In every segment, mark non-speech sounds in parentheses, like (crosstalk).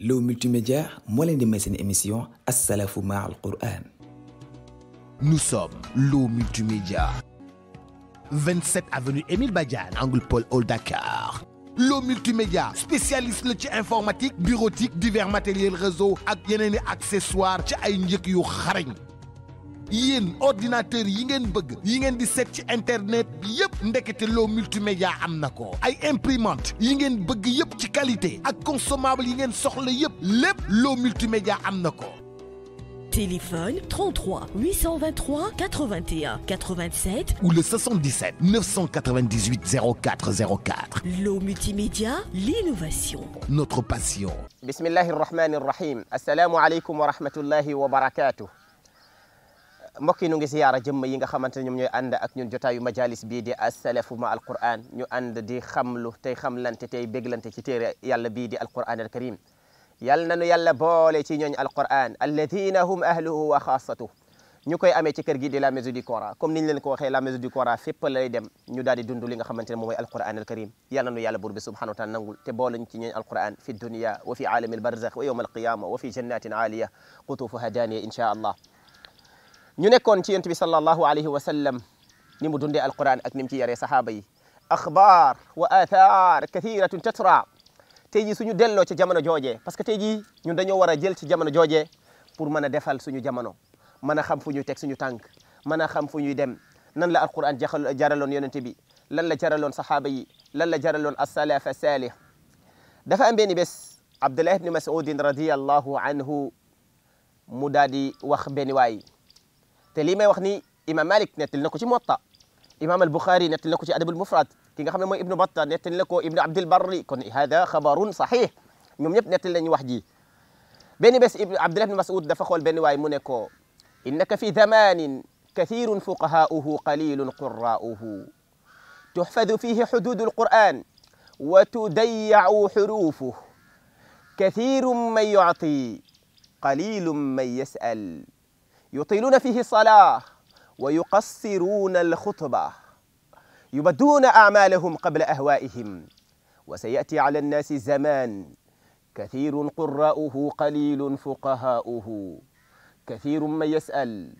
L'eau multimédia moi de di émission Assalafou Ma'al Qur'an nous sommes l'eau multimédia 27 avenue Émile Bajan, angle Paul Oldakar. Dakar l'eau multimédia spécialiste le l'informatique, informatique bureautique divers matériels réseau et accessoires ci yéen ordinateur yi ngeen bëgg yi ngeen di ci internet bi yëpp ndekete loo multimédia am na ko ay imprimante yi ngeen bëgg yépp ci qualité ak consommable yi ngeen soxla yépp lépp loo multimédia am ko téléphone 33 823 81 87 ou le 77 998 0404. L'eau multimédia, l'innovation. Notre passion. ar-Rahman Rahmanir Rahim. Assalamu alaikum wa rahmatullahi wa barakatuh. mbokk yi nu ngi siyaara jëmm yi nga xamante ne ñoom ñooy ànd ak ñun jotaayu majalis bii di asalafu ma alquran ñu ànd di xamlu tey xamlante tey béglante ci téere yàlla bii di alquran al karim yàlla nanu yàlla boole ci ñooñ alquran alladina hum ahluhu wa xaasatuh ñu koy amee ci kër gi di la maison du Coran comme niñ leen ko waxee la maison du Coran fépp lay dem ñu daal di dund li nga xamante ne moom mooy alquran al karim yàlla nanu yàlla buur bi subhanahu wa taala nangul te boolañ ci ñooñ alquran fi dunia wa fi aalami albarzakh wa yawm alqiyama wa fi jannatin aaliya qutufuha daaniya inchaa allah ñu nekkoon ci yent bi sallallahu alayhi wa sallam ni mu dundee alquran ak ni mu ci yaree sahaaba yi akhbar wa athar kathiratun tatra tey jii suñu delloo ci jamono joojee parce que tey jii ñun dañoo war a jël ci jamono joojee pour mën a defal suñu jamono mën a xam fu ñuy teg suñu tànk mën a xam fu ñuy dem nan la alquran jaraloon yonente bi lan la jaraloon sahaaba yi lan la jaraloon asalafa salih dafa am benn bés abdullah ibni masudin radiallahu anhu mu daal di wax benn waay تليما وخني إمام مالك نتل لكم شيء موطأ إمام البخاري نتل لكم شيء أدب المفرد كنا خمسة ابن بطة نتل لكم ابن عبد البري كن هذا خبر صحيح يوم يبنى نتل لني وحدي بيني بس ابن عبد الله بن مسعود دفع خول بيني واي مونيكو إنك في زمان كثير فقهاؤه قليل قراؤه تحفظ فيه حدود القرآن وتديع حروفه كثير من يعطي قليل من يسأل يطيلون فيه الصلاة ويقصرون الخطبة يبدون أعمالهم قبل أهوائهم وسيأتي على الناس زمان كثير قراؤه قليل فقهاؤه كثير من يسأل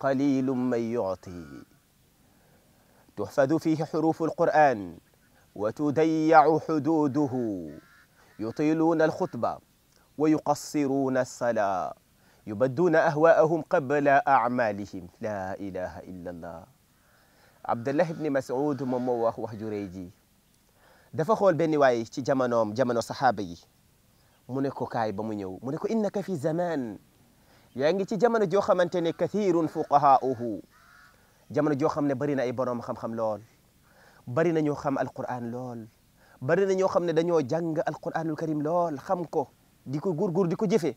قليل من يعطي تحفظ فيه حروف القرآن وتديع حدوده يطيلون الخطبة ويقصرون الصلاة يبدون أهواءهم قبل أعمالهم لا إله إلا الله عبد الله بن مسعود moom moo wax wax ju rëy ji dafa xool benn waay ci jamonoom jamono saxaaba yi mu ne ko kaay ba mu ñëw mu ne ko innaka fi zaman yaa ngi ci jamono joo xamante ne kathirun fuqahaauhu jamono joo xam ne bari na ay borom xam-xam lool bari na ñoo xam alquran lool bari na ñoo xam ne dañoo jàng alquranul karim lool xam ko di ko gurgur di ko jëfe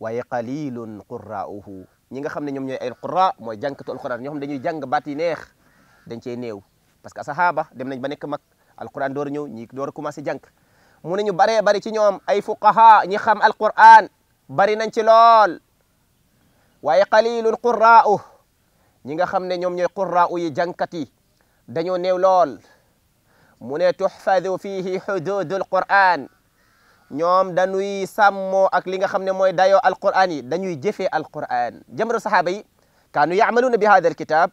waye ya qalilun qurra'uhu ñi nga xamne ñom ñoy ay qurra moy jankatu alquran ñom dañuy jang baat neex dañ cey neew parce que sahaba dem nañ ba nek mak alquran door ñew ñi door commencé jank mu ne ñu bare bare ci ñom ay fuqaha ñi xam alquran bari nañ ci lool waye ya qalilun qurra'u ñi nga xamne ñom ñoy qurra'u yi jankati dañu neew mu ne tuhfadu fihi hududul quran ñom dañuy sammo ak li nga xamne moy dayo alquran yi dañuy jëfé alquran jëmru sahaba yi kanu ya'maluna bi hada alkitab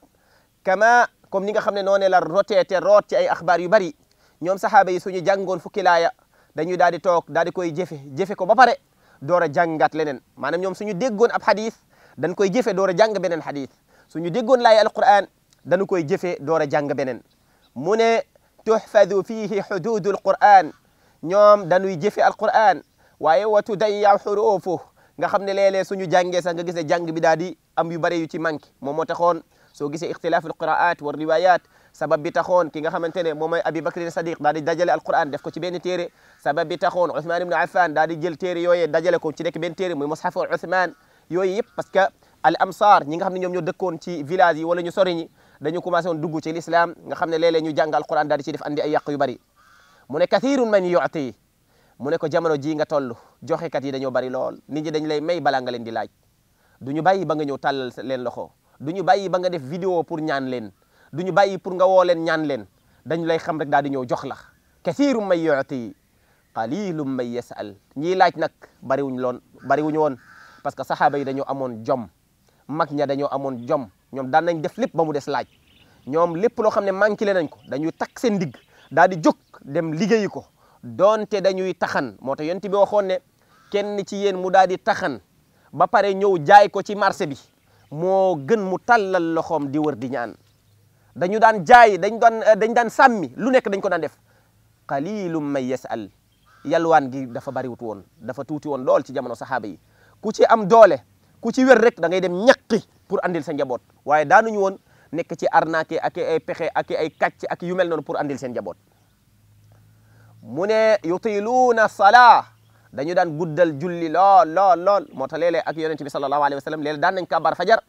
kama kom ni nga xamne noné noonee la roteete rot ci ay akhbar yu bari ñom sahaba yi suñu jàngoon fukki laaya dañuy daal di toog daal di koy jëfe jëfe ko ba pare door jàngat lenen manam ñom suñu déggoon ab hadith dañ koy jëfe door jàng benen hadith suñu déggoon laaya alquran dañ koy jëfe door jàng benen muné ne tuhfadu fihi xududu alquran ñoom dañuy jëfe alquran waaye watu day yaw xuruufu nga xam ne léeg-léeg suñu jàngee sax nga gis ne jàng bi daal di am yu bare yu ci manqué moom moo taxoon soo gisee ixtilaaful qiraat wa riwayat sabab bi taxoon ki nga xamante ne moom abi bakrin sadiq daal dajale alquran def ko ci benn téere sabab bi taxoon Ousmane ibn Affan daal di jël téere yooyee dajale ko ci nekk benn téere muy mushafu Ousmane yooyu yëpp parce que al ñi nga xam ne ñoo dëkkoon ci village yi wala ñu sori dañu commencé woon dugg ci l'islam nga xam ne ñu jàng alquran daal di ci def andi ay yàq yu bari mu ne kathirun man yu'ti mu ne ko jamono ji nga toll joxekat yi dañoo bari lool nit ñi dañ lay may balaa nga leen di laaj du ñu bàyyi ba nga ñëw tàllal leen loxo du ñu bàyyi ba nga def vidéo pour ñaan leen du ñu bàyyi pour nga woo leen ñaan leen dañu lay xam rek daal di ñëw jox la kathirum may yuti qalilum may yasal ñii laaj nag bariwuñ loon bariwuñu woon parce que saxaaba yi dañoo amoon jom mag ña dañoo amoon jom ñoom daan nañ def lépp ba mu des laaj ñoom lépp loo xam ne manqué le nañ ko dañuy takk seen digg daal di jóg dem liggéeyi ko doonte dañuy taxan moo tax yonent bi waxoon ne kenn ci yéen mu daal di taxan ba pare ñëw jaay ko ci marché bi moo gën mu tallal loxoom di wër di ñaan dañu daan jaay dañ daan eh, dañ daan sàmmi lu nekk dañ ko daan def qalilum may yasal yalwaan gi dafa bariwut woon dafa tuuti woon lool ci jamono saxaaba yi ku ci am doole ku ci wér rek da ngay dem ñaqi pour andil sa njaboot waaye daanuñu woon nekk ci arnaque ak ay pexe ak ay kàcc ak yu mel noonu pour andil seen njaboot mu ne yutiluuna salaa dañu daan guddal julli lool lool lool moo tax léeg-léeg ak yonente bi sallallahu alayhi wa sallam léeg fajar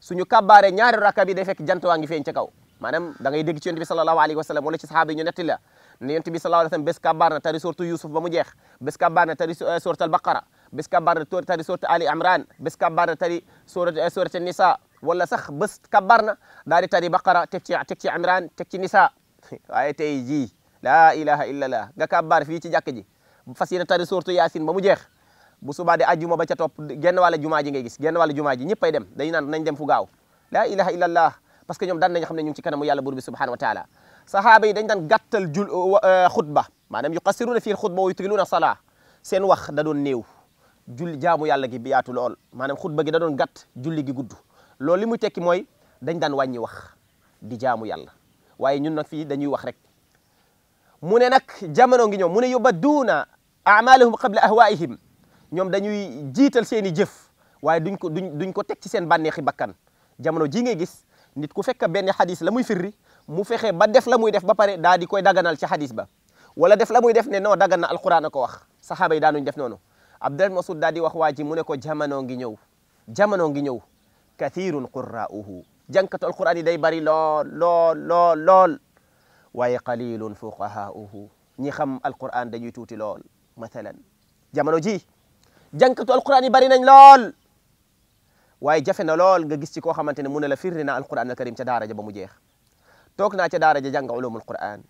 suñu kabaaree ñaari raka bi day fekk jant waa ngi feeñ ca kaw maanaam da ngay dégg ci yonente bi sallallahu alayhi wa sallam la ne yonente bi na tari sortu yusuf ba mu jeex na tari sortu eh, albaqara bés kabaar na tari sortu ali imran bés kabaar eh, na tari sortu nisa ولا سخ بس كبرنا داري تاري بقرة تكتي تكتي عمران تكتي نساء (laughs) آية تيجي لا إله إلا الله جكبر في تيجي كذي فسينا تاري سورة ياسين بمجيخ بسوا بعد أجمع بچة توب جنوا على جماعة جنگي جس جنوا على جماعة جنيب بيدم دينا نندم فوقاو لا إله إلا الله بس كنيم دان نجحنا نجوم تكنا ميا لبربي سبحانه وتعالى صحابي دينا قتل جل خطبة ما نم يقصرون في الخطبة ويتقلون الصلاة سنوخ دادون نيو جل جامو يالله جبياتو لول ما نم خطبة جدادون قت جل جي قدو loolu li muy tekki mooy dañ daan wàññi wax di jaamu yàlla waaye ñun nag fii dañuy wax rek mu ne nag jamono ngi ñoom mu ne yubadduuna amalahum qabla ahwaihim ñoom dañuy jiital seen i jëf waaye duñ ko duñ duñ ko teg ci seen bànneexi bakkan jamono jii ngay gis nit ku fekk benn xadis la muy firri mu fexe ba def la muy def ba pare daa di koy daganal ci xadis ba wala def la muy def ne non dagan na alquran ko wax saxaaba yi daanuñ def noonu Abdul Masud daa di wax waa ji mu ne ko ngi ñëw jamono ngi ñëw كثير قراؤه جنكة القرآن داي بري لول لول لول لول واي قليل فقهاؤه ñi xam alquran dañuy tuuti lool mathalan jamono ji jànkatu alquran yi bari nañ lool waaye jafe na lool nga gis ci koo xamante ne mu ne la firri naa alquran alkarim ca daara ja ba mu jeex toog naa ca daara ja jàng ulumul quran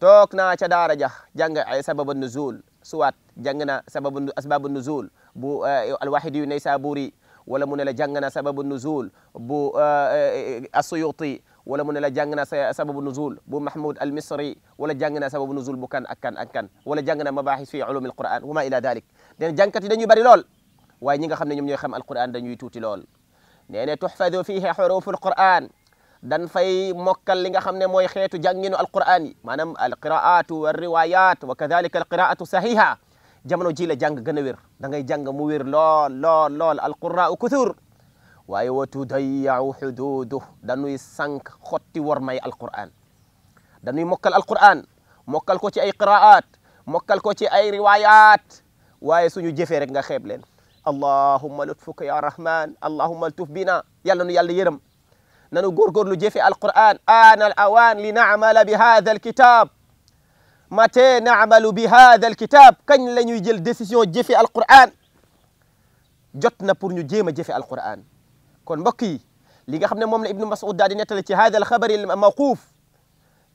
toog naa ca daara ja jàng ay sababu nuzul suwaat jàng na sababu asbabu nuzul bu alwaxidi yu naysaburi ولا من جانا سبب النزول بو آه، آه، السيوطي ولا من جانا سبب النزول بو محمود المصري ولا جنغنا سبب النزول بو كان اكان اكان ولا جنغنا مباحث في علوم القران وما الى ذلك دين جانكاتي دانيو باري لول واي نيغا خامني نيوم نيو خام القران دانيو توتي لول نينا تحفظ فيه حروف القران دان فاي موكال ليغا خامني موي خيتو جانينو القران مانام القراءات والروايات وكذلك القراءه الصحيحه jamono ji la jàng gëna wér da ngay jàng mu wér lool lool lool alquraau kuthur way wa hududu da nuy sank xoti wor may alquran dañuy mokkal alquran mokal ko ci ay qiraat mokal ko ci ay riwayat waaye suñu jëfé rek nga xeb leen allahumma lutfuka ya rahman allahumma altuf bina yàlla nu yàlla yeeram nanu góorgóorlu jëfee alquran ana al awan li na'mala bi hada alkitab mate naamalu bi hada alkitab kañ la ñuy jël décision jëfe alquran jot na pour ñu jéem a jëfe alquran kon mbokk yi li nga xam ne moom la ibnu mas'ud daal di nettali ci hada alxabari mawquuf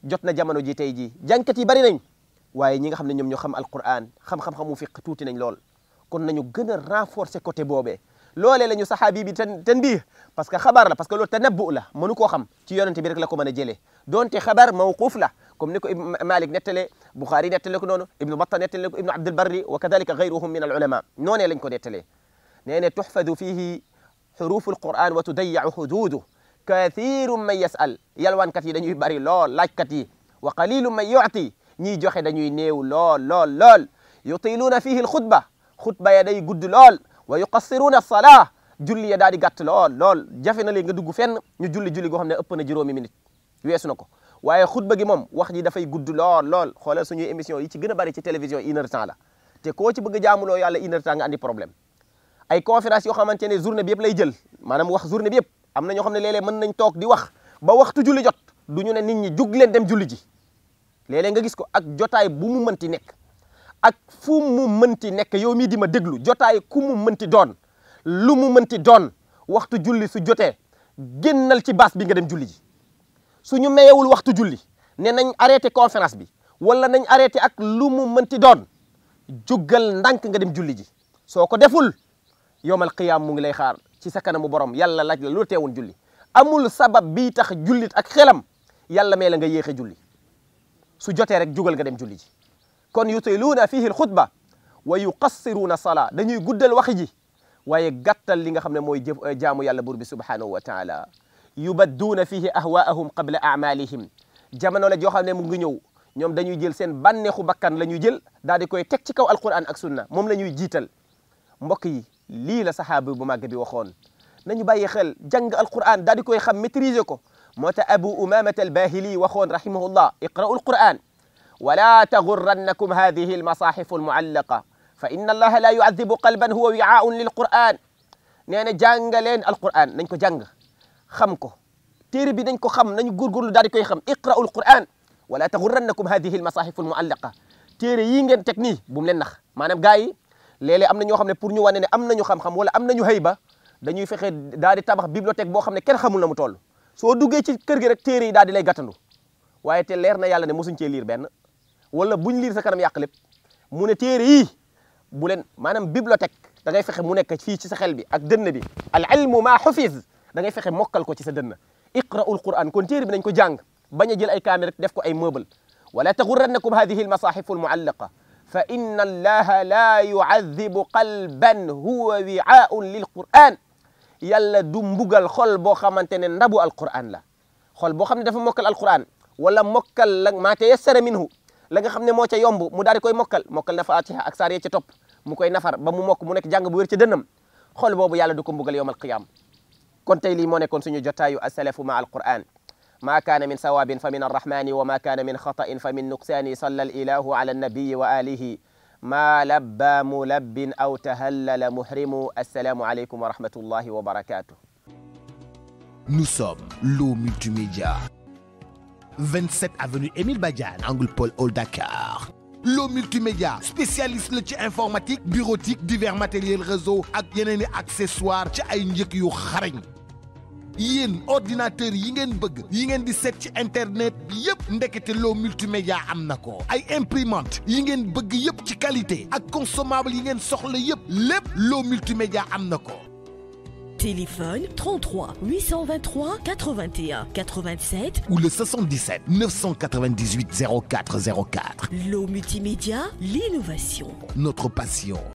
jot na jamono ji tey ji jànkat yi bari nañ waaye ñi nga xam ne ñoom ñoo xam alquran xam-xam-xamu fiq tuuti nañ lool kon nañu gën a renforcer côté boobee loolee la ñu saxaabi bi ten tanbih parce que xabaar la parce que loolu tanabbu la mënu koo xam ci yonente bi rek la ko mën a jëlee donte xabaar mawquuf la كم نكو ابن مالك نتلي بخاري نتلي كنون ابن بطة نتلي ابن عبد البر وكذلك غيرهم من العلماء نون يلنكو نتلي نين تحفظ فيه حروف القرآن وتضيع حدوده كثير من يسأل يلوان كثير نيو باري لول لايك كتي وقليل من يعطي ني جوخي دانيو نيو لول لول لول يطيلون فيه الخطبة خطبة يدي قد لول ويقصرون الصلاة جولي يداري قط لول لول جافينا لي ندوغو فين ني جولي جولي غو خامني اوبنا جيرومي مينيت ويسنكو waaye xutba gi moom wax ji dafay gudd lool lool xoolal suñuy émission yi ci gën a bari ci télévision une heure temps la te koo ci bëgg a jaamuloo yàlla une heure temps nga andi problème ay conférence yoo xamante ne journée bi yëpp lay jël maanaam wax journée bi yëpp am na ñoo xam ne léeg-léeg mën nañ toog di wax ba waxtu julli jot du ñu ne nit ñi jug leen dem julli ji léeg nga gis ko ak jotaay bu mu mënti nekk ak fu mu nekk yow mii di ma déglu jotaay ku mu mënti doon lu mu mënti doon waxtu julli su jotee génnal ci baas bi nga dem julli ji suñu mayewul waxtu julli ne nañ arrêté conférence bi wala nañ arrêté ak lu mu mënti doon juggal ndànk nga dem julli ji soko deful yowmal qiyam mu ngi lay xaar ci sa kanamu borom yàlla laj la lu teewoon julli amul sabab bi tax jullit ak xelam yàlla may la nga yexé julli su joté rek juggal nga dem julli ji kon yutiluuna fihi alkhutba wa yuqassiruna sala dañuy guddal waxi ji waye gàttal li nga xamne moy jaamu yàlla buur bi subhanahu wa taala يبدون فيه أهواءهم قبل أعمالهم جمعنا لجو خامنة مغنيو نيوم دا نيو جيل سين باني بكان لا نيو جيل دا دي كوي تك تكو القرآن أك سنة موم لا نيو جيتل مبكي لي لا صحابي بما غبي وخون نانيو باي خيل جانغ القرآن دا دي كوي خام ميتريزيكو موتا أبو أمامة الباهلي وخون رحمه الله اقرأوا القرآن ولا تغرنكم هذه المصاحف المعلقة فإن الله لا يعذب قلبا هو وعاء للقرآن نانا جانغ القرآن نانكو جانغ xam ko téere bi nañ ko xam nañu góorgóorlu daal di koy xam iqra'u alquran wala taxurrannakum hadihi almasahif almuallaqa téere yii ngeen teg nii bu mu leen nax maanaam gars yi léeg-léeg am na ñoo xam ne pour ñu wane ne am nañu xam-xam wala am nañu hayba dañuy fexe daal di tabax bibliothèque boo xam ne kenn xamul na mu toll soo duggee ci kër gi rek téere yi daal di lay gàttandu waaye te leer na yàlla ne mosuñ cee liir benn wala buñ liir sa kanam yàq lépp mu ne téere yii bu leen maanaam bibliothèque da ngay fexe mu nekk fii ci sa xel bi ak dënn bi al ilmu ma xufis da ngay fexe mokkal ko ci sa dënn iqra'ul quran kon téere bi nañ ko jàng bañ a jël ay kaamil rek def ko ay meuble wala taxurrannakum hadihi almasahifu almuallaqa fa inna allaha la yu'adhibu qalban huwa wi'aa'un lilquran yàlla du mbugal xol boo xamante ne ndabu alquran la xol boo xam ne dafa mokkal alquran wala mokkal la maa tayassara minhu la nga xam ne moo ca yomb mu daal di koy mokkal mokkal na fatiha ak saar ya ca topp mu koy nafar ba mu mokk mu nekk jàng bu wér ca dënnam xol boobu yàlla du ko mbugal yowmal qiyaam كون تاي لي مو نيكون سونو جوتايو السلف مع القران ما كان من ثواب فمن الرحمن وما كان من خطا فمن نقصان صلى الاله على النبي واله ما لبى ملب او تهلل محرم السلام عليكم ورحمه الله وبركاته Nous sommes l'eau multimédia. 27 avenue Émile Badiane, Angle Paul Hall Dakar. L'eau multimédia, spécialiste la ci informatique, bureautique, divers matériel réseau et accessoires, i accessoires yéen ordinateur yi ngeen bëgg yi ngeen di seet ci internet bi yëpp ndekete loo multimédia am na ko ay imprimante yi ngeen bëgg yépp ci qualité ak consommable yi ngeen soxla yépp lépp loo multimédia am ko téléphone 33 823 81 87 ou le 77 998 0404. L'eau multimédia, l'innovation. Notre passion.